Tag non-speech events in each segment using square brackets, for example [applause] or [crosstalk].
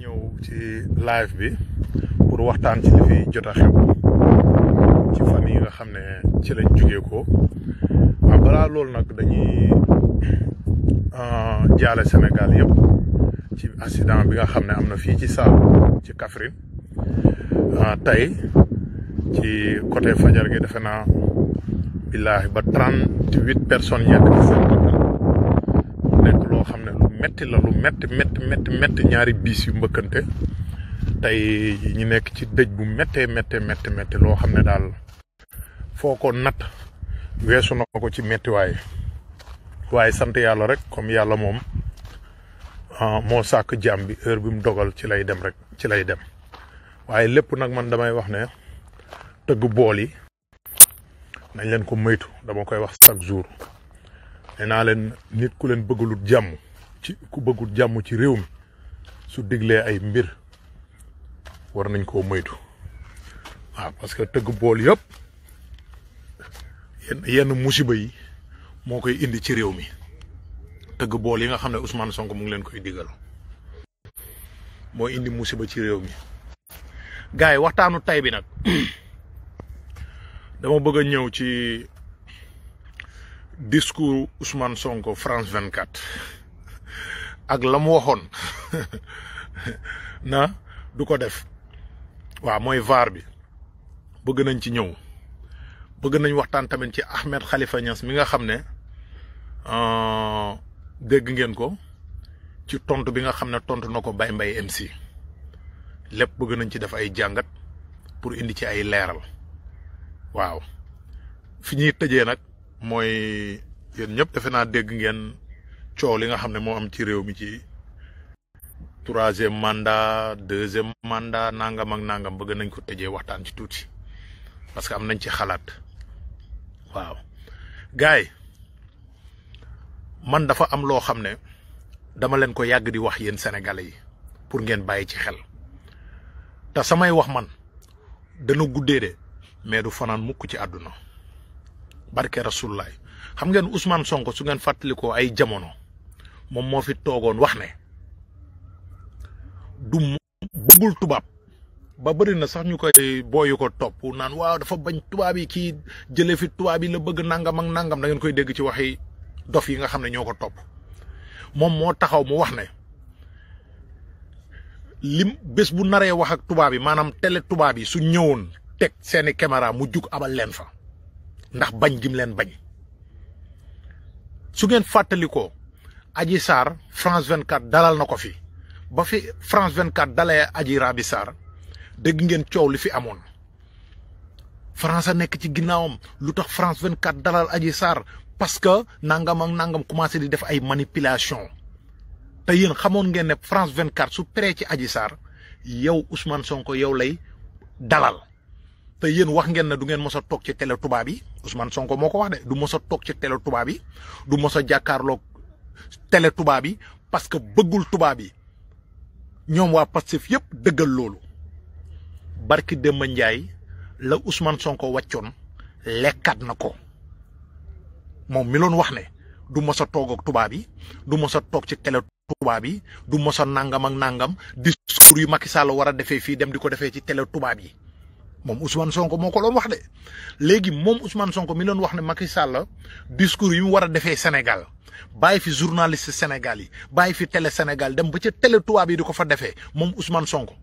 ñëw ci live bi pour waxtaan ci li jot a xew ci fan yi nga xam ne ci lañ jógee ko waaw ah, balaa loolu nag dañuy ah, jaale Sénégal yëpp ci accident bi nga xam ne am na fii ci Sall ci Kaffrine ah, tey ci côté fajar gi defe naa billaahi ba trente huit personnes ñàkk ci seen bakkan nekk xam metti la lu metti metti metti metti ñaari bis yu mbëkkante tey ñu nekk ci dëj bu mettee mette mette mette loo xam ne daal foo ko natt weesu na ko ci mettiwaay waaye sant yàlla rek comme yàlla moom moo sàkk jàm bi heure bi mu dogal ci lay dem rek ci lay dem waaye lépp nag man damay wax ne tëgg bool yi nañ leen ko moytu dama koy wax chaque jour nee naa leen nit ku leen bëggalut jàmm ci ku bëggul jàmm ci réew mi su diglee ay mbir war nañ koo moytu waaw parce que tëgg bool yëpp yenn yenn musiba yi moo koy indi ci réew mi tëgg bool yi nga xam ne Ousmane Sonko mu ngi leen koy digal moo indi musiba ci réew mi gaay yi waxtaanu tay bi nag dama bëgg a ñëw ci discours Ousmane Sonko France 24 ak la mu waxoon [laughs] na du ko def waaw mooy VAR bi bëgg nañ ci ñëw bëgg nañ waxtaan tamit ci Ahmed xalifa Niass mi nga xam ne euh, dégg ngeen ko ci tontu bi nga xam ne tontu na ko Baye Mbaye MC lépp bëgg nañ ci def ay jàngat pour indi ci ay leeral waaw fi ñuy tëjee nag mooy yéen ñëpp defe naa dégg ngeen. coow li nga xamne mo am ci rew mi ci troisième mandat deuxième mandat nangam ak nangam bëgg nañ ko tejé waxtaan ci tuuti parce que am nañ ci xalaat waaw gaay man dafa am lo xamne dama len ko yag di wax yeen sénégalais yi pour ngeen bayyi ci xel ta samay wax man dana guddé dé mais du fanaan mukk ci aduna barke rasoulallah xam ngeen Ousmane Sonko su ngeen ay jamono moom moo fi toogoon wax ne du bëggul tubaab ba bëri na sax ñu koy booyu ko topp naan waaw dafa bañ tubaab yi kii jëlee fi tubaab yi la bëgg nangam ak nangam dangeen koy dégg ci waxi dof yi nga xam ne ñoo ko topp moom moo taxaw mu wax ne lim bés bu naree wax ak tubaab yi maanaam tele tubaab yi su ñëwoon teg seeni caméra mu jug abal leen fa ndax bañ jim leen bañ su ngeen fàttalikoo aji saar France 24 dalal na ko fi ba fi France 24 dalee aji Rabi Sarr dégg ngeen coow li fi amoon France a nekk ci ginnaawam lu tax France 24 dalal aji saar parce que nangam ak nangam commencé di def ay manipulation te yéen xamoon ngeen ne France 24 su pree ci aji Sarr yow Ousmane Sonko yow lay dalal te yéen wax ngeen ne du ngeen mos a toog ci télé tubaab yi Ousmane Sonko moo ko wax ne du mosa toog ci télé tubaab yi du mos a jàkkaarloog télé tuba bi parce que beugul tuba bi ñom wa passif yëpp deugal lolu barki Demba Ndiaye la Ousmane Sonko waccion lekkat nako mom mi lon wax ne du mos a toog ak tubaab yi du mos a ci télé tuba bi du mos nangam ak nangam discours yu Macky Sall wara fi dem diko ko ci télé tuba bi mom Ousmane Sonko moko lon wax de léegi mom Ousmane Sonko mi lon wax ne Macky Sall discours yu mu Sénégal bàyyi fi journaliste Sénégal yi bàyyi fi télé Sénégal dem ba ca télé tubaab yi di ko fa defee moom Ousmane Sonko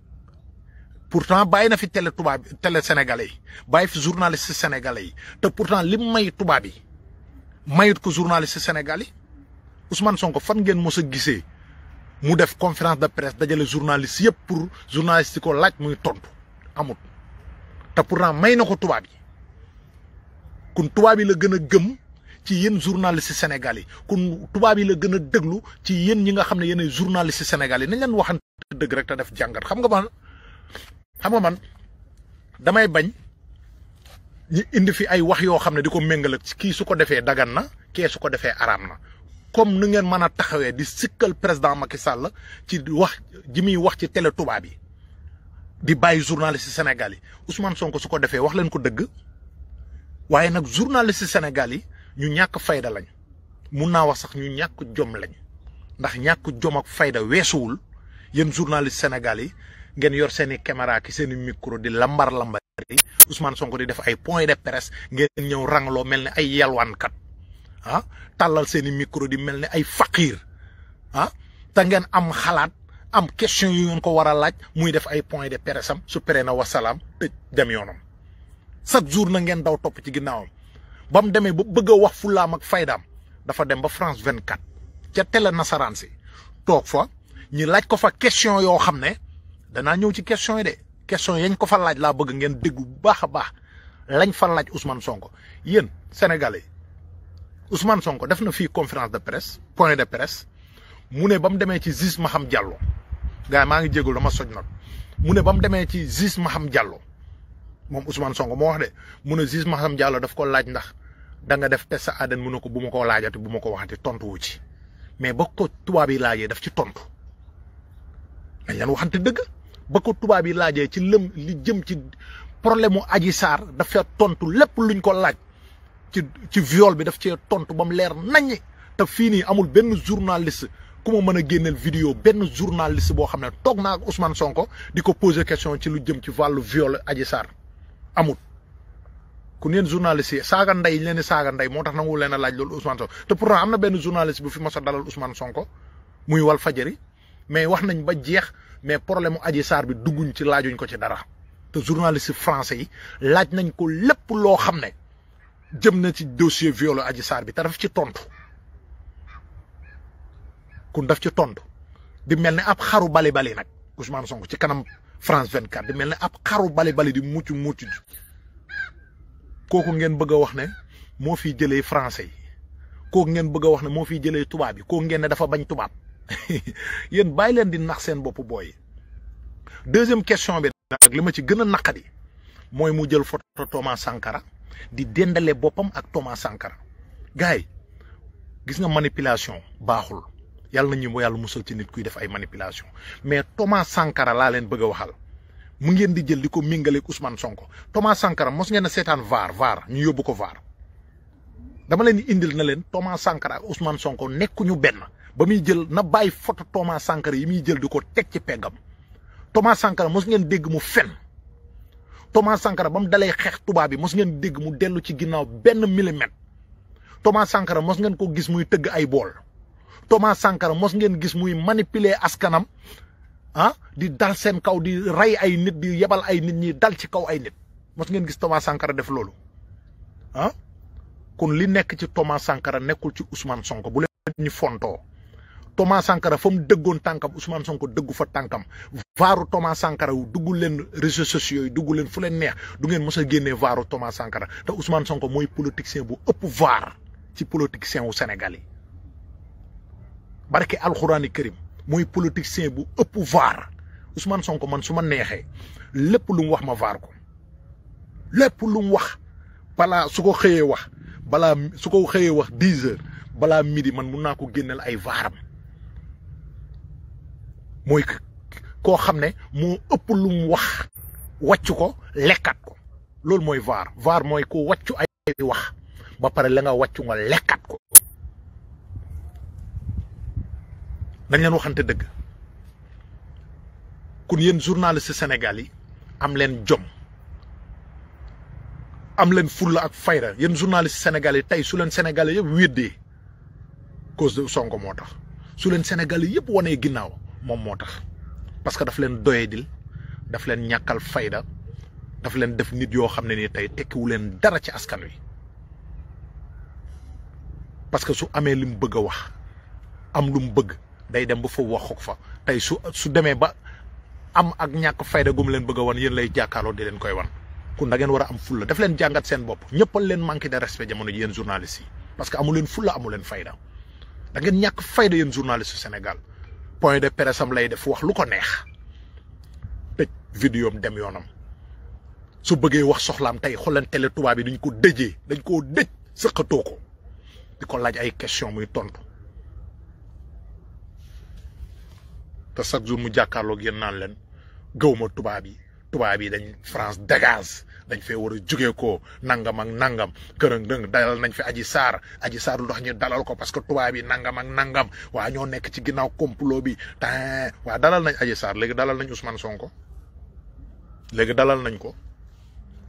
pourtant bàyyi na fi télé tubaab télé sénégalais yi bàyyi fi journaliste sénégalais yi te pourtant li mu may tubaab yi mayut ko journaliste sénégal yi Ousmane Sonko fan ngeen mos a gisee mu def conférence de presse dajale journaliste yëpp pour journaliste yi ko laaj muy tontu amut te pourtant may na ko tubaab yi kon tubaab yi la gën a gëm. ci yeen journaliste sénégalais Kun tuba bi la gëna a ci yeen ñi nga xamne yeen journaliste sénégalais nañ leen waxante dëgg rek ta def jangat xam nga man xam nga man damay bañ ñi indi fi ay wax yo xamne diko di ak ki suko su dagan na ki suko ko aram na comme nu ngeen mëna taxawé di sikkel président Macky Sall ci wax ji mi wax ci télé tuba bi di bàyyi journaliste sénégalais Ousmane Sonko suko wax leen ko waye nak journaliste sénégalais ñu ñàkk fayda lañ mun naa wax sax ñu ñàkk jom lañu ndax ñàkk jom ak fayda weesuwul yéen journaliste Sénégal yi ngeen yor seen i caméra ki seen i micro di lambar lambar yi Ousmane Sonko di def ay point de presse ngeen ñëw rangloo mel ni ay yalwaankat ah tàllal seen i micro di mel ni ay faqiir ah te ngeen am xalaat am question yu ngeen ko war a laaj muy def ay point de presse am su pere na wasalaam tëj dem yoonam chaque jour na ngeen daw topp ci ginnaawam. Bam mu bu bëgg wax fulam ak faydam dafa dem ba France 24 ci télé nasaran ci tok fa ñi laaj ko fa question yo xamné da danaa ñëw ci question yi de question yañ ko fa laaj la bëgg ngeen dégg bu baax baax lañ fa laaj Ousmane Sonko yeen sénégalais Ousmane Sonko def na fi conférence de presse point de presse mune bam démé ci Ziz Maham Diallo gaay ma ngi jégalu dama soñ nag mune bam démé ci Ziz Maham Diallo mom Ousmane Sonko mo wax dé mune Maham Diallo daf ko laaj ndax. da nga def sa ADN mun ne ko bu ma ko laajati bu ma ko waxati tontu wu ci mais ba ko tubaab yi laajee daf ci tontu dañ leen waxante dëgg ba ko tubaab yi laajee ci lëm li jëm ci problème mu Adji Sarr dafa tontu lépp luñ ko laaj ci ci viol bi daf cee tontu ba mu leer nañ te fii nii amul benn journaliste ku ma mën a génneel vidéo benn journaliste boo xam ne toog naa ak Ousmane Sonko di ko poser question ci lu jëm ci wàllu viol aji Sarr amul. kon yéen journaliste yi saaga ndey leen di ndey moo tax nangu leen a laaj loolu Ousmane Sonko te pourtant am na benn journaliste bu fi mos a dalal Ousmane Sonko muy wal fajari mais wax nañ ba jeex mais problème aji saar bi dugguñ ci laajuñ ko ci dara te journaliste français yi laaj nañ ko lépp loo xam ne jëm na ci dossier viol Adji Sarr bi te daf ci tontu kon daf ci tontu di mel ne ab xaru bali bali nag Ousmane Sonko ci kanam France 24 di mel ni ab xaru bali bali mucc mucc. kooku ngeen bëgg a wax ne moo fiy jëlee français yi kooku ngeen bëgg a wax ne moo fi jëlee tubaab yi kooku ngeen ne dafa bañ tubaab [laughs] yéen bàyyi leen di nax seen bopp booy deuxième question bi nag li ma ci gën a naqadi mooy mu jël photo Thomas Sankara di dendale boppam ak Thomas Sankara gars yi gis nga manipulation baaxul yàlla na ñuy yàlla musal ci nit kuy def ay manipulation mais Thomas Sankara laa leen bëgg a waxal. mu ngeen di jël di ko méngaleeg Ousmane Sonko Thomas Sankara mos ngeen a seetaan vaar vaar ko vaar dama leen indil na leen Thomas Sankara ak Sonko nekkuñu benn ba muy jël na bàyyi photo Thomas Sankara yi muy jël di ko teg ci peggam Thomas Sankara mos ngeen dégg mu fen Thomas Sankara ba mu dalee xeex tubaab bi mos ngeen dégg mu dellu ci ginnaaw benn millimètre Thomas Sankara mos ngeen ko gis muy tëgg ay bool Thomas Sankara mos ngeen gis muy manipuler askanam. ah di dal sen kaw di ray ay nit di yebal ay nit ñi dal ci kaw ay nit mos ngeen gis Thomas Sankara def lolu ah kon li nekk ci Thomas Sankara nekkul ci Ousmane Sonko bu leen ñi fonto Thomas Sankara fam deggon tankam Ousmane Sonko deggu fa tankam varu Thomas Sankara wu duggu leen réseaux sociaux yi dugg leen fu leen neex du ngeen mësa génné varu Thomas Sankara te Ousmane Sonko moy politicien bu ëpp var ci politicien wu sénégalais barké alcorane karim muy politicien bu ëpp man Ousmane ko man su ma neexee lépp lu wax ma vaar ko lépp lum wax balaa su ko xëyee wax balaa su ko xëyee wax dix heures balaa midi man mun naa ko génneel ay vaaram mooy koo xam ne moo ëpp lu mu wax wàcc ko lekkat ko loolu mooy vaar vaar mooy ko wàccu ay wax ba pare la nga wàccu nga lekkat ko dañ leen waxante dëgg kun yéen journaliste Sénégal yi am leen jom am leen fulla ak fayra yéen journaliste Sénégal yi tey su leen Sénégalais yëpp weddee cause de Sonko moo tax su leen Sénégalais yëpp wanee ginnaaw moom moo tax parce que daf leen doyedil daf leen ñàkkal fayda daf leen def nit yoo xam ne ni tey tekkiwu leen dara ci askan wi parce que su amee li mu bëgg a wax am lu mu bëgg day dem ba fa waxu fa tay su su ba am ak ñak fayda gum leen bëgg won yeen lay jakkalo di leen koy wan ku na ngeen wara am fulla def leen sen seen bop ñeppal leen manki de respect jamono yeen journaliste yi parce que amu leen fulla amu leen fayda da ngeen ñak fayda yeen journaliste Sénégal point de presse am lay def wax lu ko neex tëj vidéo dem yonam su bëggee wax soxlaam tay xool télé tubaab bi duñ ko dëjee dañ koo dëj sëqatoo ko di ko laaj ay question muy tontu. te chaque jour mu jàkkaarloog yéen naan leen gëwma tubaab yi tubaab yi dañ France dégage dañ fee war a jugee ko nangam ak nangam kërëng dëng dalal nañ fi aji saar aji saar lu tax dalal ko parce que tubaab yi nangam ak nangam waa ñoo nekk ci ginnaaw complot bi taa waa dalal nañ aji saar léegi dalal nañ Ousmane Sonko léegi dalal nañ ko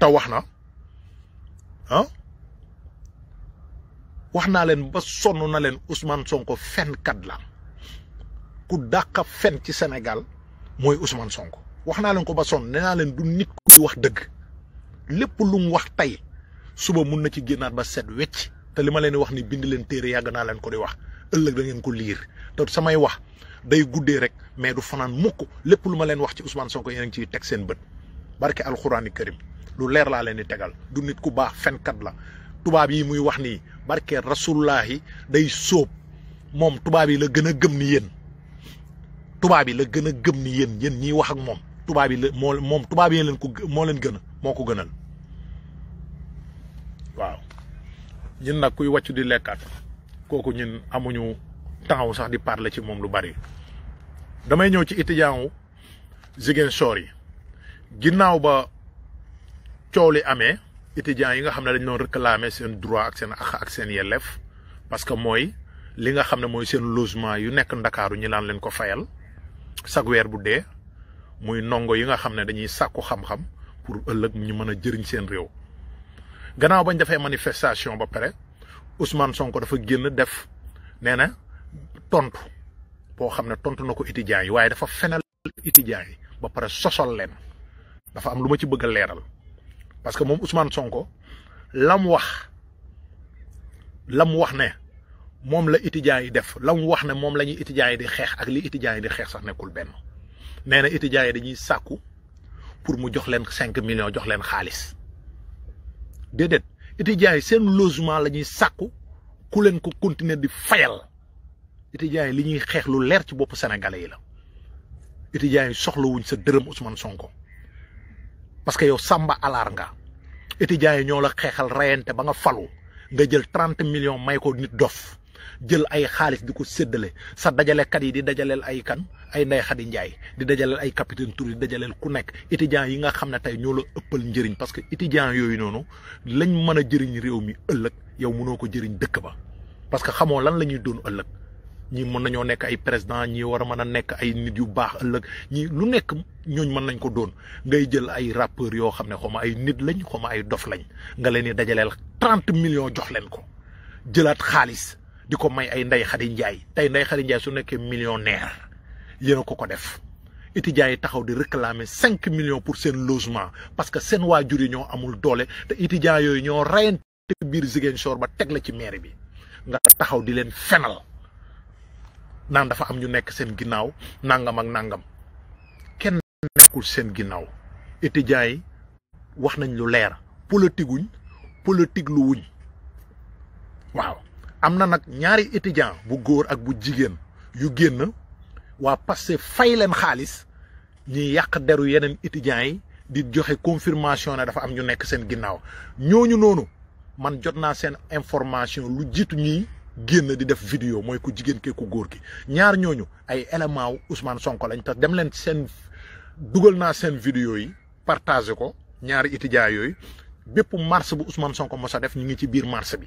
te wax na ah wax naa leen ba sonn na leen Ousmane Sonko fenkat la ku dàq a fen ci Sénégal mooy Ousmane sonk wax naa leen ko ba sonn nee naa leen du nit kuy wax dëgg lépp lu mu wax tey suba mun na ci génnaat ba set wecc te li ma leen wax ni bind leen téere yàgg naa leen ko di wax ëllëg da ngeen ko liir te samay wax day guddee rek mais du fanaan mukk lépp lu ma leen wax ci usmaan Sonko yéen ngi ciy teg seen bët barke alxuraani karim lu leer laa leen di tegal du nit ku baax fenkat la tubaab yi muy wax nii barke rasulullahi day sóob moom tubaab yi la gën a gëm yéen. tubaab yi la gën a gëm ni yéen yéen ñiy wax ak moom tubaab yi la moo moom tubaab yi leen ko moo leen gëna moo ko gënal waaw ñun nag kuy wàccu di lekkaat kooku ñun amuñu taxaw sax di parler ci moom lu bari damay ñëw ci étudiant wu Ziguinchor yi ginnaaw ba coow li amee étudiants yi nga xam ne dañ doon réclamer seen droit ak seen ak ak seen yelleef parce que mooy li nga xam ne mooy seen logement yu nekk ndakaaru ñi laan leen ko fayal chaque weer bu dee muy nongo yi nga xam ne dañuy sàkku xam-xam pour ëllëg ñu mën a jëriñ seen réew gannaaw bañ defee manifestation ba pare Ousmane Sonko dafa génn def nee na tontu boo xam ne tontu na ko étudiants yi waaye dafa fenal étudiants yi ba pare sosol leen dafa am lu ma ci bëgg a leeral parce que moom Ousmane Sonko lam wax lam wax ne. moom la étudiants yi def la mu wax ne moom la ñuy étudiants yi di xeex ak li étudiants yi di xeex sax nekkul benn nee na étudiants yi dañuy sàkku pour mu jox leen cinq millions jox leen xaalis déedéet étudiants yi seen logement la ñuy sàkku ku leen ko continuer di fayal étudiants yi li ñuy xeex lu leer ci bopp sénégalais yi la étudiants yi soxlawuñ sa dërëm Ousmane Sonko parce que yow Samba alaar nga étudiants yi ñoo la xeexal rayante ba nga falu nga jël trente millions may ko dof jël ay xaalis di ko séddale sa dajalekat yi di dajaleel ay kan ay Ndeye Khady Ndiaye di dajaleel ay capitaine Touré di dajaleel ku nekk étudiants yi nga xam ne tey ñoo la ëppal njëriñ parce que étudiants yooyu noonu lañ mën a jëriñ réew mi ëllëg yow mënoo ko jëriñ dëkk ba parce que xamoo lan la ñuy doon ëllëg ñii mën nañoo nekk ay président ñi war a mën a nekk ay nit yu baax ëllëg ñii lu nekk ñooñ mën nañ ko doon ngay jël ay rappeurs yoo xam ne xaw ay nit lañ xaw ay dof lañ nga leen di dajaleel trente millions jox leen ko jëlaat xaalis di ko may ay ndey Khady Ndiaye tey Ndeye Khady Ndiaye su nekkee millionnaire yéen a ko ko def étudiants yi taxaw di réclamer cinq million pour seen logement parce que seen waajur yi ñoo amul doole te étudiants yooyu ñoo rayante biir Ziguinchor ba teg la ci mairie bi nga taxaw di leen fenal naan dafa am ñu nekk seen ginnaaw nangam ak nangam kenn nekkul seen ginnaaw étudiants yi wax nañ lu leer politique wuñ lu wuñ waaw. am na nag ñaari étudiant bu góor ak bu jigéen yu génn waa Pastef fay leen xaalis ñuy yàq deru yeneen étudiants yi di joxe confirmation ne dafa am ñu nekk seen ginnaaw ñooñu noonu man jot naa seen information lu jiitu ñuy génn di def vidéo mooy ku jigéen kee ku góor gi ñaar ñooñu ay élément wu Ousmane Sonko lañ te dem leen seen dugal naa seen vidéo yi partagé ko ñaari étudiants yooyu bépp marche bu Ousmane Sonko mos a def ñu ngi ci biir marche bi.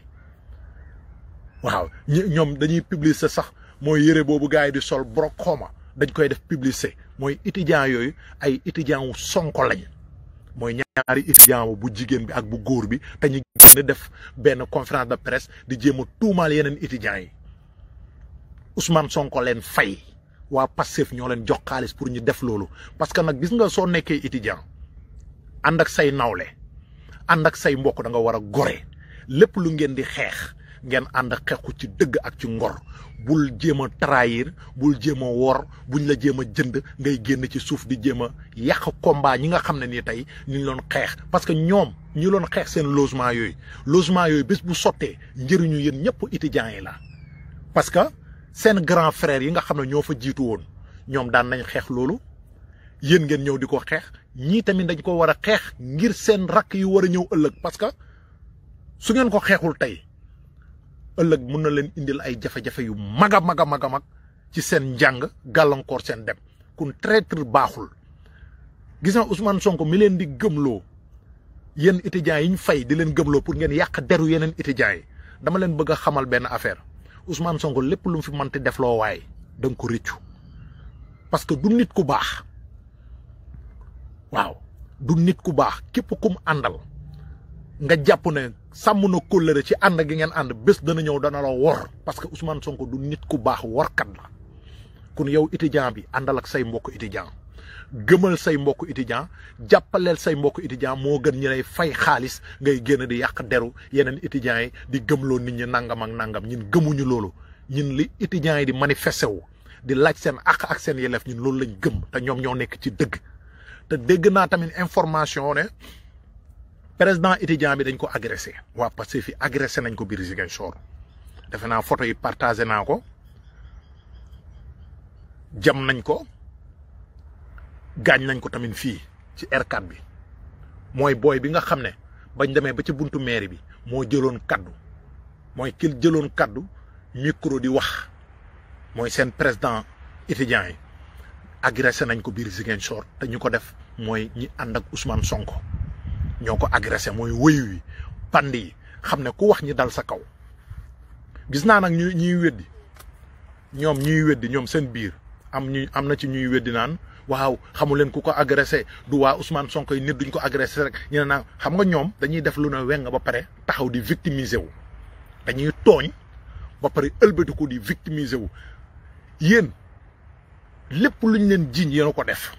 waaw ñom dañuy publier sax moy yéré bobu gaay di sol brokoma dañ koy def publier moy étudiant yoy ay étudiant wu sonko lañ moy ñaari étudiant bu jigen bi ak bu goor bi té ñu génn def ben conférence de presse di jéem a tuumaal yeneen étudiants yi Ousmane Sonko len fay wa passif ñoo len jox xaaliss pour ñu def lolu parce que nak gis nga so nekké étudiant ànd ak say nawlé ànd ak say mbokk da nga wara goré lepp lu ngeen di xex ngeen ànd xeexu ci dëgg ak ci ngor bul jéem a trahir bul jéem a wor buñ la jéem a jënd ngay génn ci suuf di jéem a yàq combat ñi nga xam ne nii tey ñu ngi doon xeex parce que ñoom ñi loon xeex seen logement yooyu logement yooyu bés bu sottee njëriñu yéen ñëpp étudiants yi la parce que seen grand frère yi nga xam ne ñoo fa jiitu woon ñoom daan nañ xeex loolu yéen ngeen ñëw di ko xeex ñii tamit dañ ko war a xeex ngir seen rakk yu war a ñëw ëllëg parce que su ngeen ko xeexul tey ëlëk mën na leen indil ay jafe-jafe yu maga maga maga mag ci seen njàng gàllankoor seen dem kun traître baaxul gis na Ousmane Sonko mi leen di gëmloo yéen étudiant yi ñu fay di leen gëmloo pour ngeen yàq deru yeneen étudiant yi dama leen bëgg a xamal benn affaire Ousmane Sonko lépp lu mu fi mënti def loo waay da ko rëccu parce que du nit ku baax waaw du nit ku baax képp kum àndal nga jàpp ne sàmm na kóllëre ci ànd gi ngeen ànd bés dana ñëw dana la wor parce que Ousmane Sonko du nit ku baax workat la kon yow étudiant bi àndal ak say mbokk étudiant gëmal say mbokk étudiant jàppaleel say mbokk étudiant moo gën ñi lay fay xaalis ngay génn di yàq deru yeneen étudiants yi di gëmloo nit ñi nangam ak nangam ñun gëmuñu loolu ñun li étudiants yi di manifesté wu di laaj seen àq ak seen yelef ñun loolu lañ gëm te ñoom ñoo nekk ci dëgg te dégg naa tamit information président étudiant bi dañ ko agressé waa Pastef fi agressé nañ ko biir Ziguinchor defe naa photo yi partagé naa ko jam nañ ko gaañ nañ ko tamit fii ci r bi mooy booy bi nga xam ne bañ demee ba ci buntu mairie bi moo jëloon kàddu mooy kil jëloon kaddu micro di wax mooy seen président étudiant yi agressé nañ ko biir Ziguinchor te ñu ko def mooy ñi ànd ak Ousmane Sonko. ñoko ko agressé mooy wëyu yi band yi ku wax ñi dal sa kaw gis na nak ñu ñuy weddi ñom ñuy weddi ñom seen biir am ñuy amna ci ñuy weddi naan waaw xamu leen ku ko agressé du wa Ousmane Sonko nit duñ ko agressé rek ñu ne xam nga ñom dañuy def lu na weng ba pare taxaw di victimiser wu dañuy togn ba pare ko di victimiser wu yéen lépp luñ leen jiiñ yeen ko def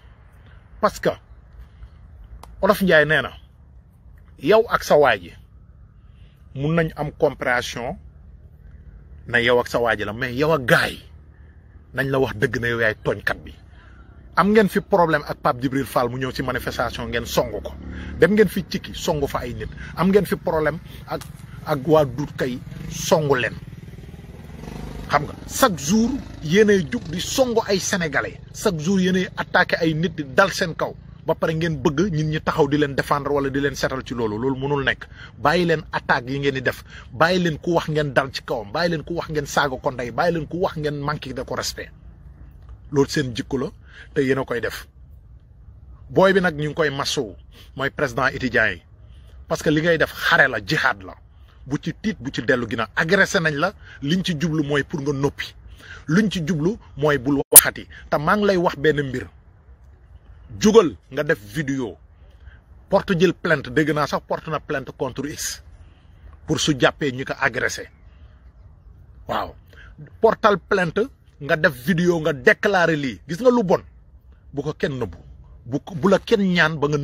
parce que Olof Njaay nee na yow ak sa waa ji mun nañ am compréhension na yow ak sa waa ji la mais yow ak gaay nañ la wax dëgg na yow yaay tooñkat bi am ngeen fi problème ak Pape Djibril Fall mu ñëw si manifestation ngeen songu ko dem ngeen fi cikki songu fa ay nit am ngeen fi problème ak ak waa duut kay songu leen xam nga chaque jour yéenay jug di songu ay sénégalais chaque jour yéenay attaqué ay nit di dal seen kaw ba paré ngeen bëgg ñun ñi taxaw di leen défendre wala di leen sétal ci loolu loolu mënul nekk bayi leen attaque yi ngeen di def bayi leen ku wax ngeen dal ci kawam bayi leen ku wax ngeen saaga ko nday bayi leen ku wax ngeen manki de ko respect loolu seen jikko la te yéen koy def boy bi nag ñu ngi koy masso mooy président étudiant parce que li ngay def xare la jihad la bu ci tiit bu ci dellu gina agressé nañ la liñ ci jublu mooy pour nga noppi luñ ci jublu mooy bul waxati te maa ngi lay wax benn mbir jugal nga def vidéo porte jël plainte deug na sax porte na plainte contre is pour su jappé ñu ko waaw portal plainte nga def vidéo nga déclarer li gis nga lu bon bu ko kenn nëbbu bu bu la kenn ñaan ba nga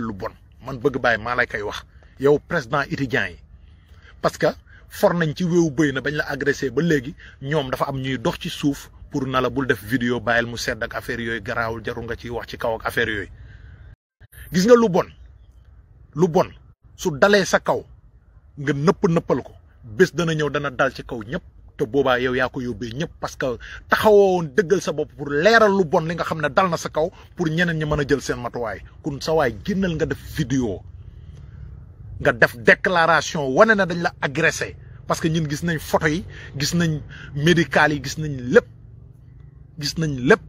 lu bon man bëgg malaikai wah lay kay wax yow président étudiant yi parce que for nañ ci wewu beuy na bañ la agresser ba légui ñom dafa am ñuy dox ci souf pour na la bul def vidéo bàyyil mu sedd ak affaire yooyu garaawul jaru nga ciy wax ci kaw ak affaire yooyu gis nga lu bon lu bon su dalee sa kaw nga nëpp nëppal ko bés dana ñëw dana dal ci kaw ñëpp te boobaa yow yaa ko yóbbee ñëpp parce que taxawoo woon dëggal sa bopp pour leeral lu bon li nga xam ne dal na sa kaw pour ñeneen ñi mën a jël seen matuwaay kun sa waay génnal nga def vidéo nga def déclaration wane na dañ la agressé parce que gis nañ photo yi gis gis nañ lépp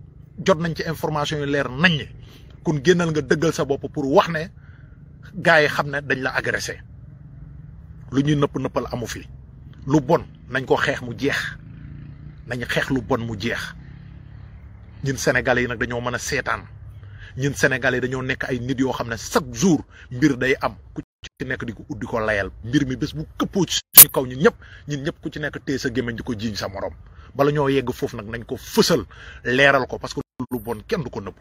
jot nañ ci information yu leer nañ ñi kon génnal nga dëggal sa bopp pour wax ne gars yi xam ne dañ la agressé lu ñuy nëpp nëppal amu fi lu bon nañ ko xeex mu jeex nañ xeex lu bon mu jeex ñun sénégalais yi nag dañoo mën a seetaan ñun sénégalais yi dañoo nekk ay nit yoo xam ne chaque jour mbir day am ku ci nekk di ko uddi ko layal mbir mi bés bu këppoo ci suñu kaw ñun ñëpp ñun ñëpp ku ci nekk téye sa gémmiñ di ko jiiñ sa moroom bala ñoo yegg fofu nak nañ ko fessel leeral ko parce que lu bon kenn du ko neub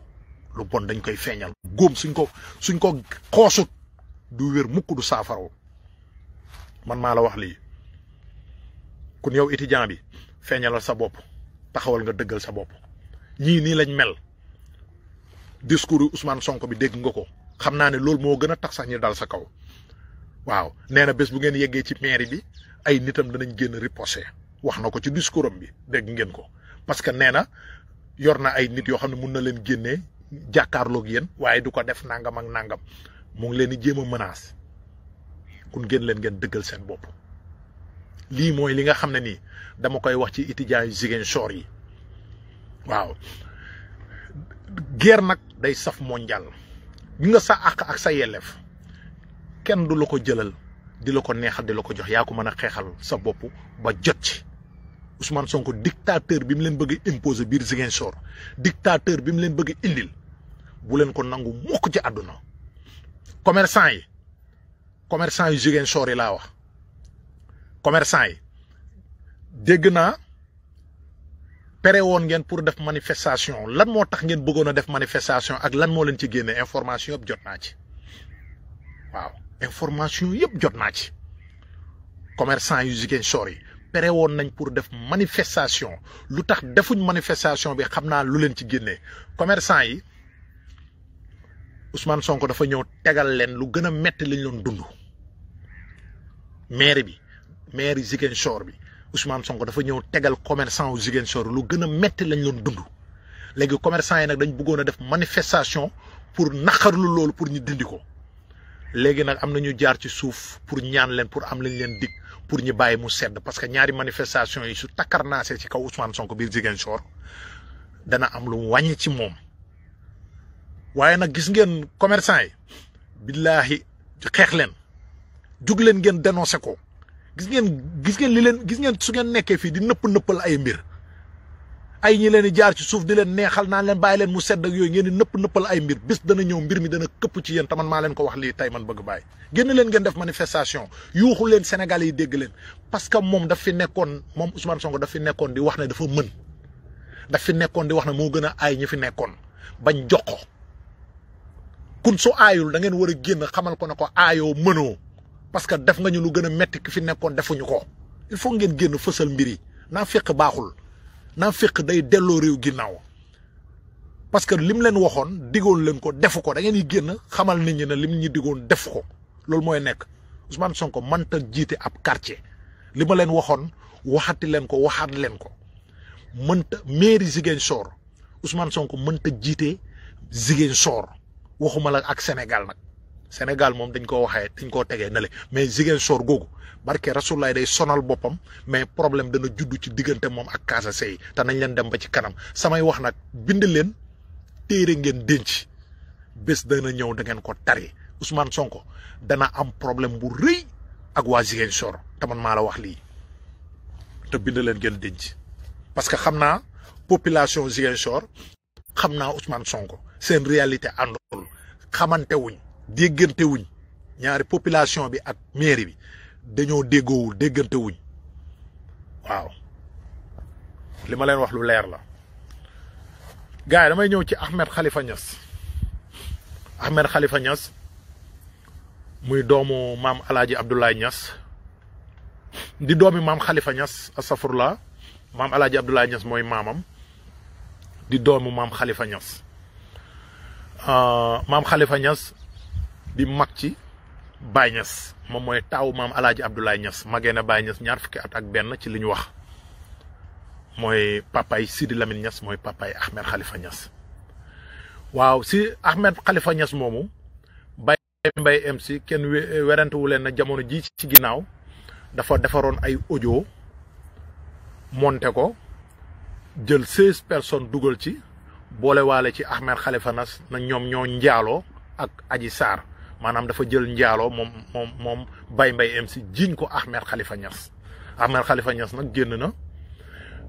lu bon dañ koy feñal gom suñ ko suñ ko xosu du wër mukk du safaro man maa la wax li kun yow étudiant bi feñal sa bop taxawal nga deggal sa bop ñi ni lañ mel discours Ousmane Sonko bi degg nga ko xamna naa ne loolu taksa gën tax sax ñi dal sa kaw waaw nee na bu ngeen yeggé ci maire bi ay nitam dañu waxna ko ci discours bi deg ngeen ko parce que neena yorna yor na ay nit yo xamne mën na leen génnee jàkkaarloog yéen waaye du ko def nangam ak nangam mo ngi leen di jema menace kun gën leen ngeen deugal sen bop li moy li nga xamne ni dama koy wax ci étudiants yi yi waaw guerre nak day saf mondial bi nga sa ak ak sa yelef kenn du lako ko jëlal di lako ko neexal di lako ko jox ya ko meuna xexal sa bop ba jot ci Ousmane Sonko dictateur bi mu leen bëgg a imposer biir Ziguinchor dictateur bi mu leen bëgg indil bu leen ko nangu mukk ci àdduna commerçant yi commerçant yu Ziguinchor yi laa wax commerçant yi dégg na pere woon ngeen pour def manifestation lan moo tax ngeen bëggoon a def manifestation ak lan moo leen ci génne information yëpp jot naa ci waaw information yëpp jot naa ci commerçant yu soor yi tere nañ pour def manifestation lu tax defuñ manifestation bi xam naa lu leen ci génnee commerçant yi Ousmane Sonko dafa ñëw tegal leen lu gën a metti lañ doon dund maire bi maire Ziguinchor bi Ousmane Sonko dafa ñëw tegal commerçant wu Ziguinchor lu gën a metti lañ doon dund léegi commerçant yi nag dañ bëggoon def manifestation pour naqarlu loolu pour ñu dindiko, ko léegi nag ñu jaar ci suuf pour ñaan leen pour am lañ leen dig pour ñu bàyyi mu sedd parce que ñaari manifestation yi su takkarnaase ci kaw Ousmane Sonko biir Ziguinchor dana am lu mu wàññi ci moom waaye nag gis ngeen commerçant yi billaahi xeex leen jug leen ngeen dénoncé ko gis ngeen gis ngeen li leen gis ngeen su ngeen nekkee fii di nëpp nëppal ay mbir ay ñi leen di jaar ci suuf di leen neexal naa leen bàyyi leen mu sedd yooyu ngeen di nëpp nëppal ay mbir bis dana ñëw mbir mi dana këpp ci yéen taman maa leen ko wax lii tey man bëgg bàyyi génn leen ngeen def manifestation yuuxu leen Sénégal yi dégg leen parce que moom dafa fi nekkoon moom Ousmane Sonko daf fi nekkoon di wax ne dafa mën daf fi nekkoon di wax na moo gën a ay ñi fi nekkoon bañ jox ko kun su ayul da ngeen war a génn xamal ko ne ko aayoo mënoo parce que def nga ñu lu gën a metti ki fi nekkoon defuñu ko il faut ngeen génn fësal mbir yi naa fekk baaxul naa féq day delloo réew ginnaaw parce que li lim leen waxoon diggoon leen ko defu ko da ngeen génn xamal nit ñi ne lim ñi diggoon def ko loolu mooy nekk Ousmane Sonko mënta jiite ab quartier li ma leen waxoon waxati leen ko waxaat leen ko mënta mairie Ziguinchor Ousmane Sonko mënta jiite Ziguinchor waxuma la ak Sénégal nag Sénégal moom dañ koo waxee dañ koo tegee na mais mais Ziguinchor googu barke rasulaay day sonal boppam mais problème dana juddu ci diggante moom ak Casaase yi te nañ leen dem ba ci kanam samay wax nag bind leen téere ngeen denc bés dana ñëw da ngeen ko tari Ousmane Sonko dana am problème bu rëy ak waa Ziguinchor te man maa la wax lii te bind leen ngeen denc parce que xam naa population Ziguinchor xam naa Ousmane Sonko seen réalité àndul xamante wuñ déggante ñaari population bi ak mairie bi. dañoo déggoowul déggante wuñ waaw li ma leen wax lu leer la gars damay ñëw ci ahmed khalifa mam ahmed khalifa ñas muy doomu maam alaaji abdoulaye ñas di doomi maam khalifa ñas asafurla mam. alaaji abdoulaye ñas mooy maamam di doomu maam xalifa Mam ah, maam khalifa di mag ci Baye Niass moom mooy taawu maam El Hadj ñas Niass magee na Baye Niass ñaar fukki at ak benn ci li ñu wax mooy papaay Sidi Lamine ñas mooy papaay Ahmed Khalifa Niass waaw si Ahmed Khalifa Niass moomu Baye Mbaye MC kenn werante wu leen na jamono ji ci ginnaaw dafa defaroon ay ojo monté ko jël seize personnes dugal ci boolewaale ci Ahmed Khalifa Niass na ñoom ñoo njaaloo ak aji Sarr maanaam dafa jël njaaloo moom moom moom Baye Mbaye MC jiiñ ko Ahmed xalifa Niass Ahmed xalifa Niass nag génn na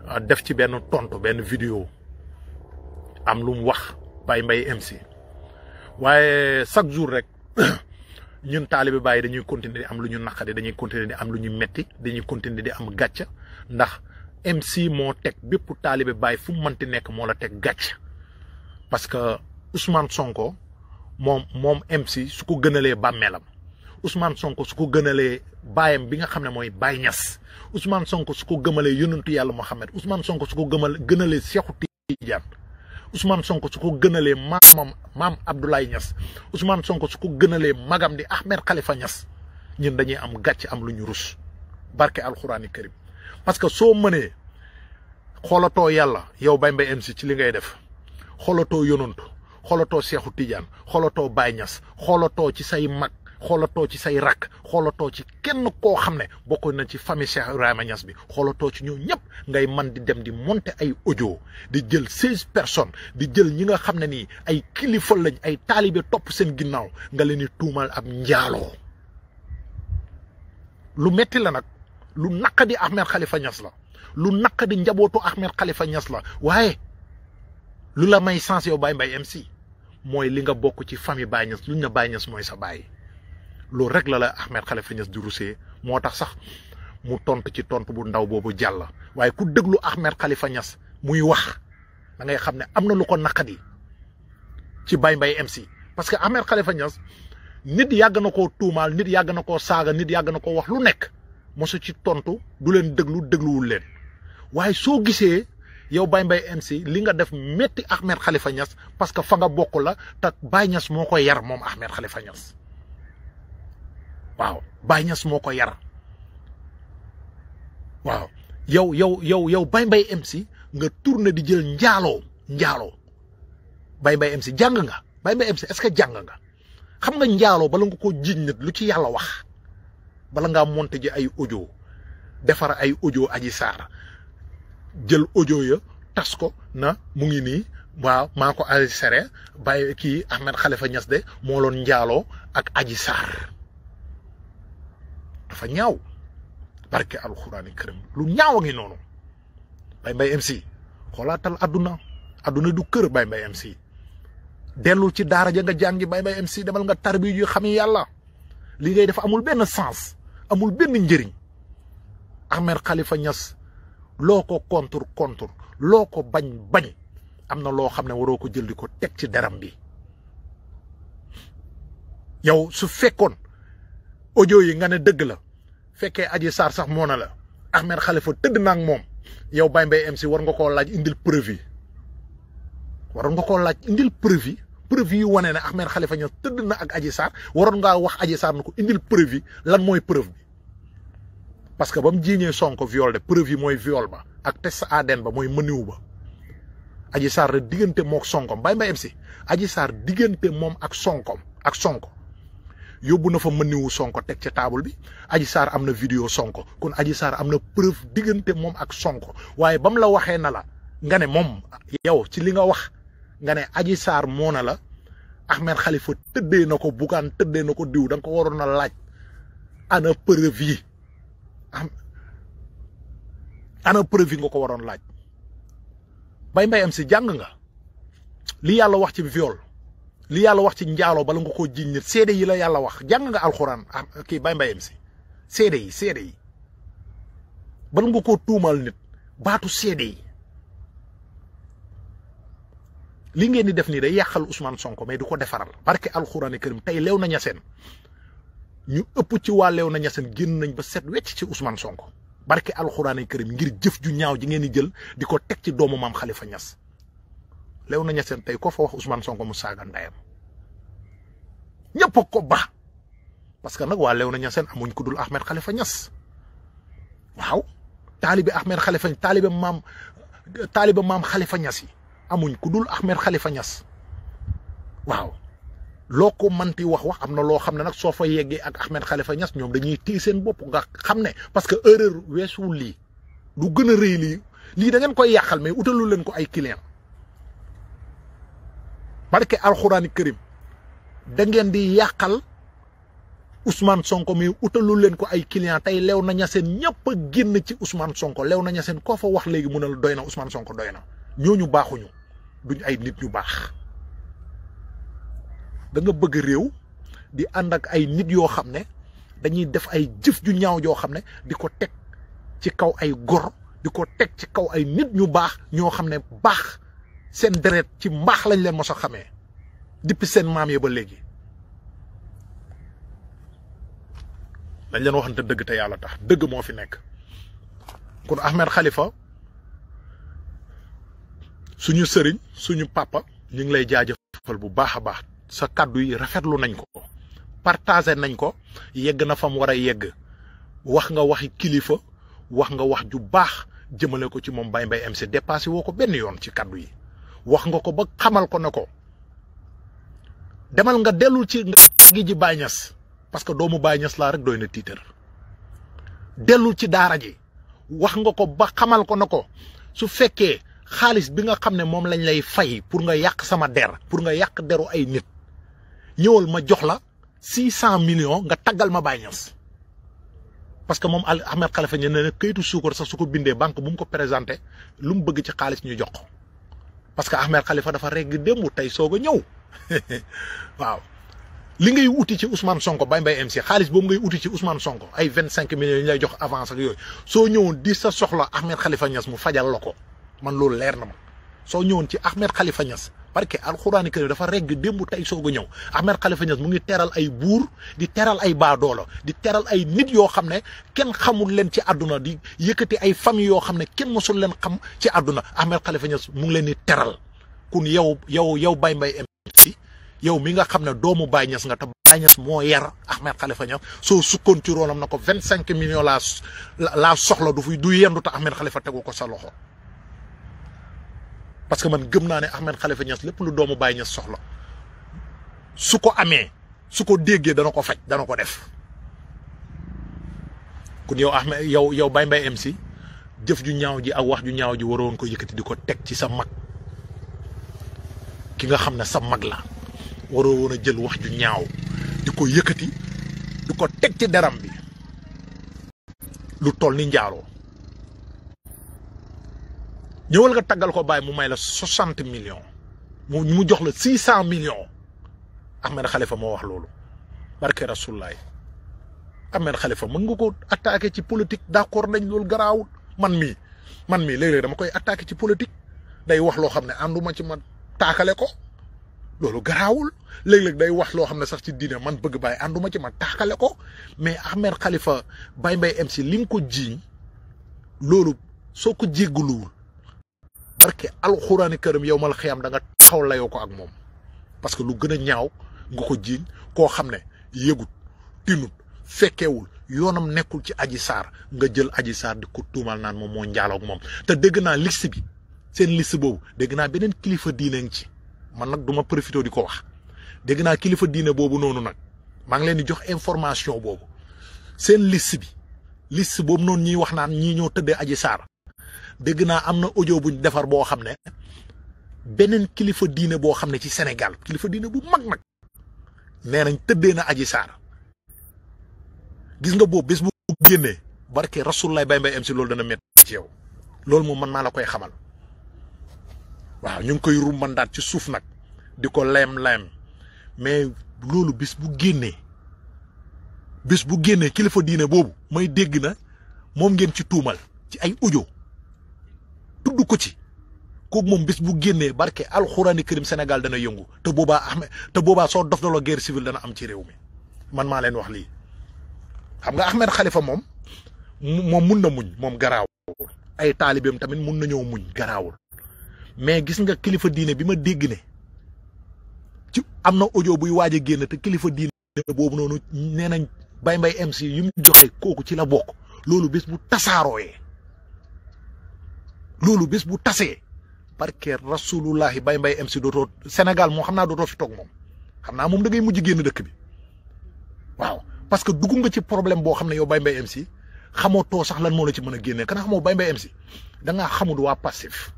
euh, def ci benn tontu benn vidéo am lu mu wax Baye Mbaye MC waaye chaque jour rek [coughs] ñun taalibe Baye dañuy continuer di am lu ñu naqari dañuy continuer di am lu ñu metti dañuy continuer di am gàcc ndax MC moo teg bépp taalibe Baye fu mu mënti nekk moo la teg gàcc parce que Ousmane Sonko. mom mom MC su ko gënalee melam Ousmane Sonko su ko gënalee baayam bi nga xamné moy mooy Baye Niass Ousmane Sonko su ko gëmalee yonentu yàlla Mohamed Ousmane Sonko su ko gëmal gënalé cheikhou tidiane Ousmane Sonko su ko gënalee maamam maam Ousmane Sonko su ko magam di Ahmed Khalifa Niass ñun dañuy am gatch am luñu rus barke alcorane karim parce que so mëné xoolatoo yalla yow bay Mbaye MC ci li ngay def xoolatoo Seexu Tijaan xoolatoo Baay Ñas xoolatoo ci say mag xoolatoo ci say rakk xoolatoo ci kenn koo xam ne bokkoon na ci famille Cheikh Ibrahima Niass bi xoolatoo ci ñoo ñëpp ngay man di dem di monter ay audio di jël seize personnes di jël ñi nga xam ne nii ay kilifa lañ ay taalibe topp seen ginnaaw nga leen di tuumal ab njaaloo lu metti la nag lu naqadi Ahmed Khalifa Niass la lu di njabootu Ahmed Khalifa Niass la waaye lu la may sens yow Baye Mbaye MC moy li nga bokk ci famille Baye Niass luñ na Baye Niass sa baye loolu rek la la Ahmed Khalifa Niass di rousé motax sax mu tontu ci tontu bu ndaw bobu jàll waye ku deglu Ahmed Khalifa Niass muy wax da ngay xamne amna lu ko naqadi ci Baye Mbaye MC parce que Ahmed Khalifa Niass nit yag na koo nit yag na koo nit yag na wax lu nekk mosu ci tontu du deglu deglu wul len waye so gisee yow bay Mbaye MC li nga def metti Ahmed Khalifa pas parce que fa nga bokku la ta bay Niass moko wow yar semua Ahmed Khalifa yau waaw yau yau moko yar waaw yow yow yow yow bay MC nga tourner di jël njaaloo njaaloo bay MC jangan nga bay Mbaye MC est-ce que jàng nga xam nga njaaloo bala nga ko jiiñ nit lu ci yalla wax bala nga monter ji ay audio defar ay audio aji sara jël audio ya tas ko na mu ngi ni waaw maa ko sere bàyyi kii Ahmed Khalifa Niass de moo loon njaaloo ak aji Sarr dafa ñaaw barke alxuraani këram lu ñaaw a ngi noonu Baye Mbaye MC xoolaatal aduna adduna du kër Baye Mbaye MC dellul ci daara ja nga jàngi Baye Mbaye MC demal nga tarbi yu xam yàlla li ngay def amul benn sens amul benn njëriñ Ahmed Khalifa Niass Loko kontur kontur, loko loo ko bañ bañ am na ko jël di tek ci deram bi yow su fekkon audio yi nga ne deug la fekke aji sar sax mo na la ahmed khalifa teud nak mom. yow bay Mbaye MC war nga ko laaj indil preuve war nga ko laaj indil preuve preuve yi wane ahmed khalifa ñoo teud na ak aji sar. waroon nga wax aji sar nako indil preuve lan moy preuve parce que bam jigné sonko viol de preuve moy viol ba ak test ADN ba moy meuniw ba aji sar digënté mok sonko bay mbay MC aji sar digënté mom ak sonko ak sonko yobbu na fa meuniw sonko tek ci table bi aji sar amna vidéo sonko kon aji sar amna preuve digënté mom ak sonko waye bam la waxé na la nga mom yow ci li nga wax nga aji sar mo na la ahmed khalifa teddé nako bukan teddé nako diw dang ko warona laaj ana preuve ana preuve nga ko waron laaj bay mbay am ci jang nga li yalla wax ci viol li yalla wax ci njaalo bal nga ko jiñ nit sédé yi la yalla wax jang nga alquran ki bay mbay am ci cede yi cede yi bal nga ko tumal nit batu cede yi li ngeen di def ni day yakal Ousmane Sonko mais duko defaral barke alquran kerim tay lew na sen ñu ëpp ci walew na ñasen genn nañ ba set wécc ci Ousmane Sonko barke alcorane kërëm ngir jëf ju ñaaw ji ngeen di jël diko tek ci doomu mam Khalifa ñass lew na ñasen tay ko fa wax Ousmane Sonko mu saga ndayam ñepp ko ba parce que nak waa lew na ñasen amuñ ku dul Ahmed Khalifa ñass waw talibé Ahmed Khalifa talibé Mam talibé Mam Khalifa ñass yi amuñ ku dul Ahmed Khalifa Niass loko manti wax wax amna lo xamne nak so fa yegge ak Ahmed Khalifa Nias ñom dañuy té seen bop nga xamne parce que erreur wessu li du gëna reey li li da ngeen koy yakal mais utalu leen ko ay client barke alquran karim da ngeen di yakal Ousmane Sonko mais utalu leen ko ay client tay lew na ñasse ñepp genn ci Ousmane Sonko lew na ñasse ko fa wax mu na doyna Ousmane Sonko doyna ñoñu baxuñu duñ ay nit ñu bax danga bëgg réew di ànd ak ay nit yoo xam ne dañuy def ay jëf ju ñaaw joo xam ne di ko teg ci kaw ay gor di ko teg ci kaw ay nit ñu baax ñoo xam ne baax seen deret ci mbaax lañ leen mos a xamee depuis seen maam yi ba léegi. dañ leen waxante dëgg te yàlla tax dëgg moo fi nekk kon Ahmed xalifa suñu sëriñ suñu papa ñu ngi lay jaajëfal bu baax a baax. sa kàddu yi rafetlu nañ ko partagé nañ ko yegg na fa mu war a yegg wax nga waxi kilifa wax nga wax ju baax jëmale ko ci moom Baye Mbaye MC dépassé woo ko benn yoon ci kàddu yi wax nga ko ba xamal ko na ko demal nga dellu ci gi ji Baye Niass parce que doomu Baye Niass laa rek dooy na tiitar dellu ci daara ji wax nga ko ba xamal ko na ko su fekkee xaalis bi nga xam ne moom lañ lay fay pour nga yàq sama der pour nga yàq deru ay nit ñëwal ma jox la six cent millions nga taggal ma Baye Niass parce que moom al Ahmed Khalifa ñu ne ne kayitu suukar sax su ko bindee banque bu mu ko présenté lu mu bëgg ci xaalis ñu jox parce que Ahmed xalifa dafa regg démb tey soog a ñëw [laughs] waaw li ngay uti ci Ousmane Sonko Baye Mbaye MC xaalis boobu ngay uti ci Ousmane Sonko ay vingt cinq millions yi ñu lay jox avance ak yooyu soo ñëwoon di sa soxla Ahmed Khalifa Niass mu fajal la ko man loolu leer na ma soo ñëwoon ci Ahmed Khalifa Niass barke alxuraani karim dafa regg démb tey soo a ñëw Ahmed Khalifa Niass mu ngi teral ay buur di teral ay baa doolo di teral ay nit yoo xam ne kenn xamul leen ci àdduna di yëkkati ay famille yoo xam ne kenn mosul leen xam ci àdduna Ahmed Khalifa Niass mu ngi leen di teral kun yow yow yow Baye Mbaye MC yow mi nga xam ne doomu Baye Niass nga te Baye Niass moo yar Ahmed Khalifa Niass soo sukkoon ci roonam na ko vingt cinq millions laa laa soxla du fi du yendu te Ahmed Khalifa tegu ko sa loxo parce que man gëm na né Ahmed Khalifa ñass lepp lu doomu Baye ñass soxla suko amé suko déggé da na ko fajj da na ko def ku ñew Ahmed yow yow Baye Mbaye MC jëf ju ñaaw ji ak wax ju ñaaw ji waroon ko yëkëti diko tek ci sa mag ki nga xamné sa mag la waro wona jël wax ju ñaaw diko yëkëti diko tek ci deram bi lu toll ni njaaroo ñëwal nga taggal ko Baye mu may la million millions mu mu jox la six cent millions Ahmed Khalifa moo wax loolu barke Rasulaay Ahmed Khalifa mën nga ko attaqué ci politique d'accord nañ loolu garaawul man mii man mii léeg dama koy attaqué ci politique day wax loo xam ne ànduma ci ma taakale ko loolu garaawul léeg day wax loo xam ne sax ci diine man bëgg Baye ànduma ci ma taakale ko mais Ahmed Khalifa Baye mbay MC li nga ko jiiñ loolu soo ko jégguluwul barke alxuraani këram yow ma la da nga taxaw layoo ko ak moom parce que lu gën a ñaaw nga ko jiiñ koo xam ne yëgut tinut fekkewul yoonam nekkul ci aji saar nga jël aji saar di ko tuumal naan moom moo njaaloog moom te dégg naa liste bi seen liste boobu dégg naa beneen kilifa diine ci man nag duma ma profité di ko wax dégg naa kilifa diine boobu noonu nag maa ngi leen di jox information boobu seen liste bi liste boobu noonu ñuy wax naan ñii ñoo tëddee aji saar dégg naa am na audio buñ defar boo xam ne beneen kilifa diine boo xam ne ci senegal kilifa diine bu mag nag nee nañ tëddee na aji saara gis nga boobu bés bu génnee barke rasulullah bay mbay am si loolu dana métti ci yow loolu moom man maa la koy xamal waaw ñu ngi koy rumbandaat ci suuf nag di ko lem lem mais loolu bis bu génnee bis bu génnee kilifa diine boobu may dégg na moom ngeen ci tuumal ci ay ujo tudd ko ci kooku moom bis bu génnee barke alxuraani kërim senegal dana yëngu te boobaa Ahmed te booba soo dof daloo guerre civile dana am ci réew mi man maa leen wax lii. xam nga Ahmed xalifa moom moom mun na muñ moom garaawul ay taalibeem tamit mun na nañoo muñ garaawul mais gis nga kilifa diine bi ma dégg ne ci am na audio buy waaj a génn te kilifa diine boobu noonu nee nañ Baye Mbaye MC yi mu joxe kooku ci la bokk loolu bis bu tasaarooyee Lulu bes bu tassé barke rasulullah bay bay MC dootoo Senegal mo xamna naa dootoo fi tok mom xamna mom da ngay mujj genn dekk bi waaw parce que duggu nga ci problème bo xamna yo bay bay MC xamootoo sax lan mo la ci meuna genné kan xamoo bay bay MC da nga xamul wa passif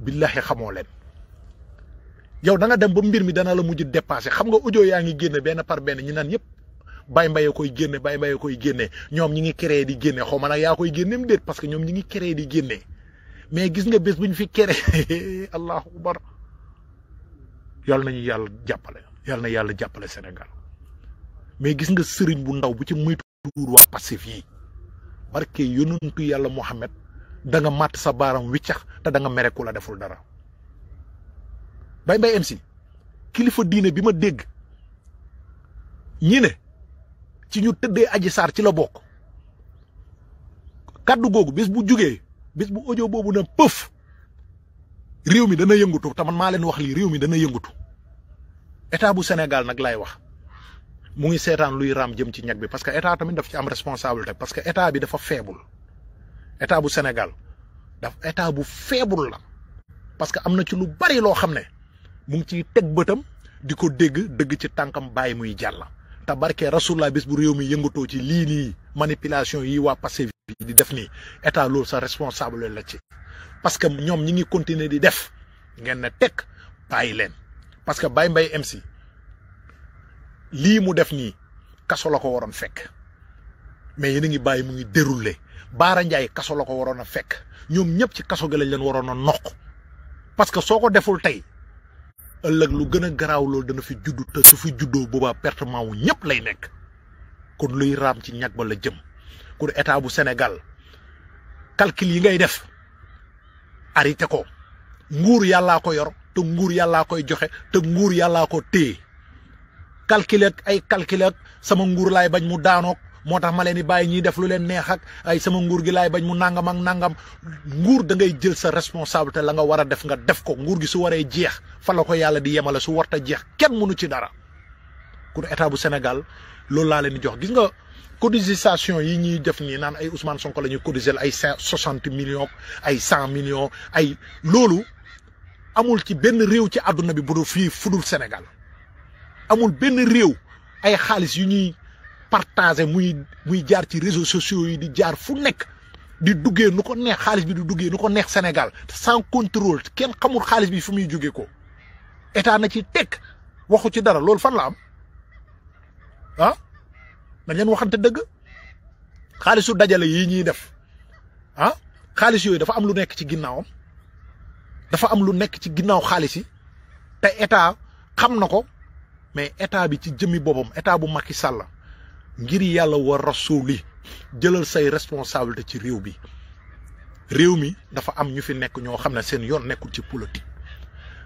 billahi xamoo len yow da nga dem ba mbir mi dana la mujj dépasser xam nga audio yaangi ngi ben par ben ñi nan yépp bay mbay koy genné bay mbay koy genné ñom ñi ngi créer di genné xaw ma ya koy génneem déet parce que ñom ñi ngi créer di genné mais gis nga bes buñ fi kéré [laughs] allahu akbar yalla nañu yalla jappalé yalla na yalla jappalé sénégal mais gis nga serigne bu ndaw bu ci muytu wa passif yi barké yonuntu yalla mohammed da nga mat sa baram wiccax ta da nga méré kula deful dara bay bay mc kilifa diiné bima dégg ñi ne ci ñu tëddé aji sar ci la bok kaddu gogu bes bu juggé bis bu ojo boobu na pëf réew mi dana yëngatu te maa leen wax lii réew mi dana yëngatu état bu Sénégal nag laay wax mu ngi seetaan luy raam jëm ci ñag bi parce que état tamit daf ci am responsabilité parce que état bi dafa faible état bu senegal daf état bu faible la. parce que am na ci lu bari loo xam ne mu ngi ciy teg bëtam di ko dégg dëgg ci tànkam bàyyi muy jàll. te barke rasulullah bis bu réew mi yëngatoo ci lii nii manipulation yi waa Pastef di def nii état loolu sa responsable la ci parce que ñoom ñi ngi continuer di def ngeen ne teg bàyyi leen parce que mbay Mbaye MC lii mu def nii kaso la ko waroon fekk mais yéen a ngi bàyyi mu ngi déroulé Baara Ndiaye kaso la ko waroon a fekk ñoom ñëpp ci kaso gi lañ leen waroon a noq parce soo ko deful tey ëllëg lu gën a garaaw loolu dana fi juddu te su fi juddoo boobaa pertement wu ñëpp lay nekk kon luy raam ci ñag ba la jëm kon état bu senegal calcul yi ngay def arrêté ko nguur yàllaa ko yor te nguur yàllaa koy joxe te nguur yàllaa ko tée calcul ak ay calcul ak sama nguur laay bañ mu daanook motax ma leni bàyyi ñi def lu leen neex ak ay sama nguur gi lay bañ mu nangam ak nangam nguur da ngay jël sa responsabilité la nga wara def nga def ko nguur gi su waré jeex fa la ko yalla di yemale su warta jeex kenn mënu ci dara kon état bu sénégal loolu la leen di jox gis nga cotisation yi ñi def ni naan ay Ousmane Sonko lañu cotiser ay 60 millions ay 100 millions ay loolu amul ci benn réew ci aduna bi bu do fi fudul Sénégal amul benn réew ay xaaliss yu ñuy partager muy muy jaar ci réseaux sociaux yi di jaar fu nekk di duggee nu ko neex xaalis bi di duggee nu ko neex senegal sans contrôle kenn xamul xaalis bi fu muy jóge ko état na ci teg waxu ci dara loolu fan la am ah dañ leen waxante dëgg xaalisu dajale yi ñuy def ah xaalis yooyu dafa am lu nekk ci ginnaawam dafa am lu nekk ci ginnaaw xaalis yi te état xam na ko mais état bi ci jëmmi boobam état bu Macky Sall ngir yàlla war wa li jëlal say responsabilité ci réew bi réew mi dafa am ñu fi nekk ñoo xam ne seen yoon nekkul ci politique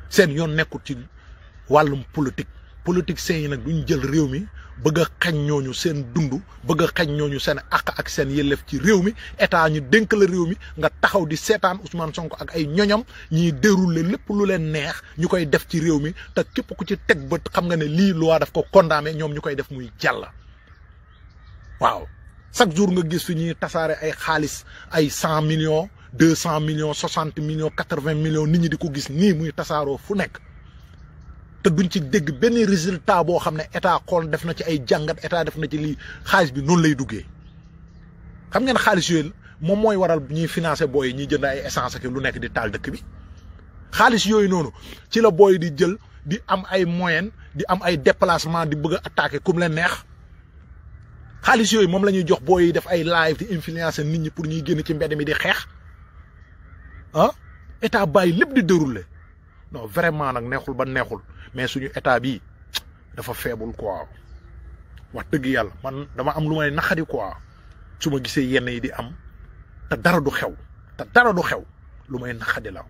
seen yoon nekkul ci wàllum politique politiciens yi nag duñ jël réew mi bëgg a xañ ñooñu seen dund bëgg a xañ ñooñu seen àq ak seen yëlef ci réew mi état ñu dénk réew mi nga taxaw di seetaan Ousmane Sonko ak ay ñoñam ñii ñiy leen lépp lu leen neex ñu koy def ci réew mi te képp ku ci teg bët xam nga ne lii loi daf ko condamné ñoom ñu koy def muy jàll. Wow, chaque jour nga gis suñuy tasaare ay xaalis ay 100 millions 200 millions 60 millions 80 millions nit ñi di ko gis nii muy tasaaroo fu nekk te duñ ci dégg benn résultat boo xam état xool def na ci ay état def na ci bi non lay duggee xam ngeen xaalis yooyu moom mooy waral ñuy financé booy yi ñuy jënd ay essence ak lu nekk di taal dëkk bi xaalis yooyu noonu ci la di jël di am ay moyen di am ay déplacement di bëgg atake attaqué comme xaalis yooyu moom la ñuy jox booy def ay live di influencer nit ñi pour ñuy génn ci mbedd mi di xeex ah état bàyyi lépp di dérouler non vraiment nag neexul ba neexul mais suñu état bi dafa faible quoi wax dëgg yàlla man dama am lu may naqari quoi su ma gisee yenn yi di am te dara du xew te dara du xew lu may naqadi la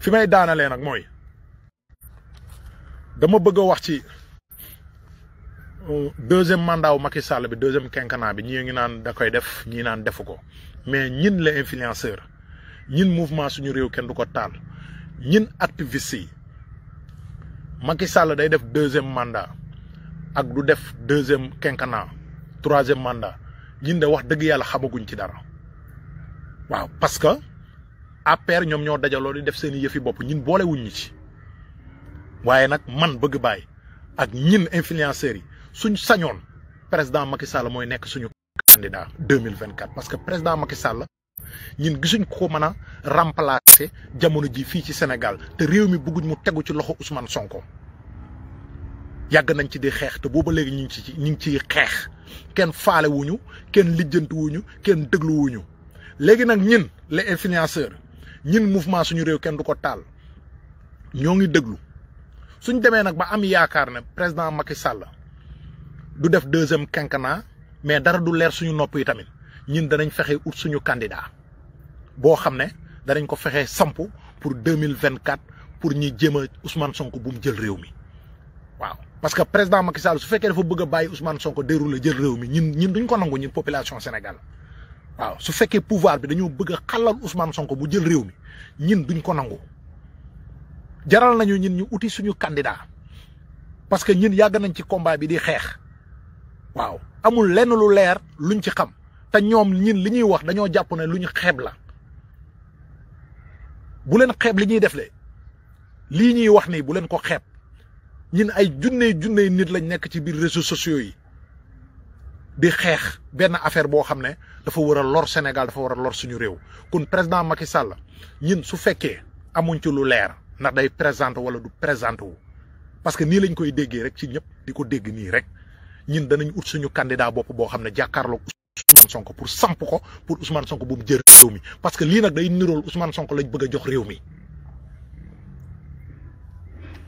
fi may daanalee nag mooy dama bëgg wax ci. deuxième mandat au Macky Sall bi deuxième quinquennat bi ñi ngi naan da koy def ñi naan defuko mais ñin la influenceur ñin mouvement suñu réew kenn duko ko taal ñin activiste yi Macky Sall day def deuxième mandat ak du def deuxième quinquennat troisième mandat ñin de wax deug yalla xamaguñ ci dara waaw parce que père ñom ñoo dajaloo di def seen i yëfi bopp ñin bolé ñi ci waye nak man bëgg bàyyi ak ñin influenceurs yi. suñ sañoon président Macky Sall mooy nekk suñu candidat deux mille vingt quatre parce que président Macky Sall ñun gisuñ ko mën a remplacer jamono ji fii ci Sénégal te réew mi bëgguñ mu tegu ci loxo Ousmane Sonko yàgg nañ ci di xeex te booba léegi ñu ngi ci ñu ngi ciy xeex kenn faale wuñu kenn lijjanti wuñu kenn déglu wuñu léegi nag ñin les influenceurs ñin mouvement suñu réew kenn du ko taal ñoo ngi déglu suñ demee nag ba am yaakaar ne président Macky Sall. du def deuxième quinquennat mais dara du leer suñu nopp yi tamit ñun danañ fexe ut suñu candidat bo xamné ne danañ ko fexé sampu pour 2024 pour ñi jëma Ousmane Sonko bu mu jël réew mi waaw. parce que président Macky Sall su fekkee dafa bëgg baay Ousmane Sonko déroulé jël réew mi ñun ñun duñ ko nangu ñun population Sénégal waaw su fekkee pouvoir bi dañu bëgg a xalal Ousmane Sonko bu jël réew mi ñun duñ ko nangu jaral nañu ñun ñu outil suñu candidat parce que ñun yag nañ ci combat bi di xex waaw amul lenn lu leer luñ ci xam te ñoom ñin li ñuy wax dañoo jàpp ne lu ñu xeeb la bu leen xeeb li ñuy defle lii ñuy wax ni bu leen ko xeeb ñin ay junne junne nit lañ nekk ci biir réseaux sociaux yi di xeex benn affaire boo xam ne dafa war a lor Sénégal dafa war a lor suñu réew kun président Macky Sall ñin su fekkee amuñ ci lu leer ndax day présenté wala du présenté wu parce que nii lañ koy déggee rek ci ñëpp di dégg nii rek ñun danañ ut suñu candidat bopp boo xam ne jàkkaarloog Ousmane Sonko pour samp ko pour Ousmane Sonko bu mu jël réew mi parce que lii nag day nirool Ousmane Sonko lañ bëgg a jox réew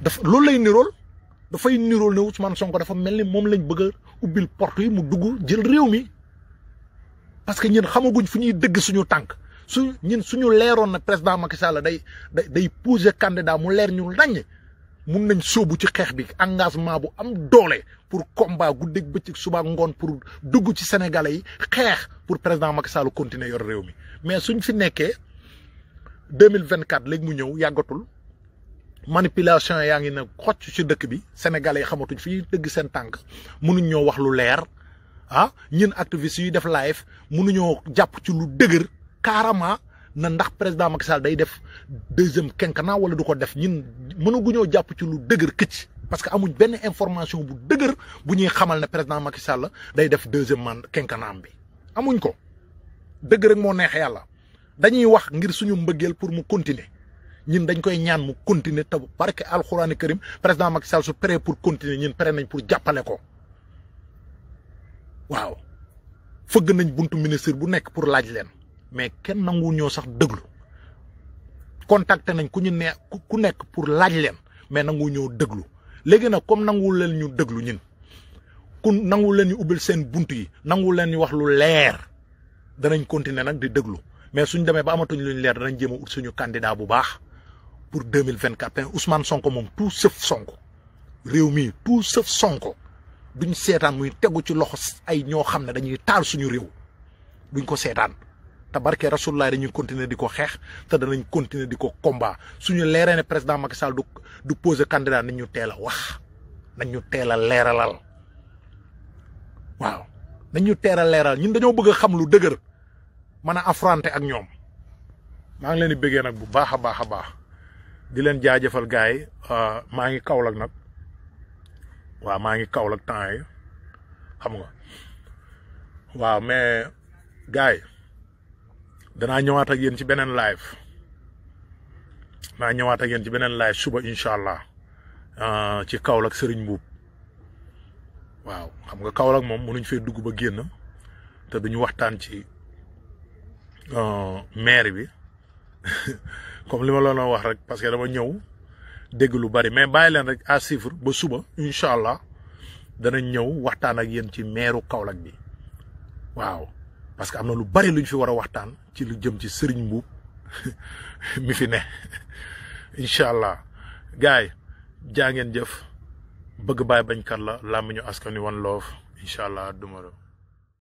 dafa loolu lay nirool dafay nirool ne Ousmane Sonko dafa mel ni moom lañ bëgg a ubbil porte yi mu dugg jël réew mi parce que ñun xamaguñ fu ñuy dëgg suñu tànk su ñun suñu leeroon na président Macky Sall day day day poser mu leer ñu lañ mun nañ sóobu ci xeex bi engagement bu am doole pour combat guddeeg bëccëg suba ngoon pour dugg ci sénégalais yi xeex pour président Macky Sall continuer yor réew mi mais suñ fi nekkee deux mille vingt quatre léegi mu ñëw yàggatul manipulation yaa ngi ne xocc ci dëkk bi sénégalais yi xamatuñ fi ñuy dëgg seen tànk mënuñ ñoo wax lu leer ah ñun activistes yuy def live mënuñoo jàpp ci lu dëgër carrément. na ndax président Macky Sall day def deuxième quinquennat wala du ko def ñun mënaguñoo jàpp ci lu dëgër këcc parce que amuñ benn information bu dëgër bu ñuy xamal ne président Macky Sall day def deuxième man quinquennat bi amuñ ko dëgg rek moo neex yàlla dañuy wax ngir suñu mbëggeel pour mu continuer ñun dañ koy ñaan mu continuer te barke alxuraani karim président Macky Sall su paree pour continuer ñun pere nañ pour jàppale ko waaw fëgg nañ bunt ministre bu nekk pour laaj leen. mais kenn nangu ñoo sax déglu contacté nañ ku ñu ne ku nekk pour laaj leen mais nangu ñoo déglu léegi nag comme nangu leen ñu déglu ñun ku nangu leen ñu ubbil seen bunt yi nangu leen ñu wax lu leer danañ continuer nag di déglu mais suñu demee ba amatuñ luñ leer danañ jéem ut suñu candidat bu baax pour deux mille vingt quatre Ousmane Sonko moom tout sauf Sonko réew mi tout sëf Sonko duñ seetaan muy tegu ci loxo ay ñoo xam ne dañuy taal suñu réew duñ ko seetaan. te barke rasulullah dañuy continuer di ko xeex te danañ continuer di ko combat suñu leeree ne président Macky Sall du du poser candidat nañ ñu teel a wax nañ ñu teel leeralal waaw nañ ñu teel a leeral ñun dañoo bëgg a xam lu dëgër mën a affronter ak ñoom maa ngi leen di bëggee nag bu baax a baax a baax di leen jaajëfal gars yi euh, maa ngi Kaolack nag waaw maa ngi Kaolack temps yi xam nga waaw mais gars yi dana ñëwaat ak yeen ci benen live na ñëwaat ak yeen ci benen live suba inshallah euh ah, ci Kaolack Serigne Mbuub waaw xam nga Kaolack mom mënuñ fay dugg ba genn te duñu waxtaan ci ah, maire bi [laughs] comme lima la no wax rek parce que dama ñëw dégg lu bari mais bàyyi leen rek à chiffre ba suba inshallah dana ñëw waxtaan ak yeen ci meeru Kaolack bi waaw parce que amna lu bari luñ fi wara waxtaan ci lu jëm ci sëriñ mbuub [laughs] mi fi ne incha allah gaay jaa ngeen jëf bëgg baay bañkat la làmmiñu askan wi wan loof incha allah duma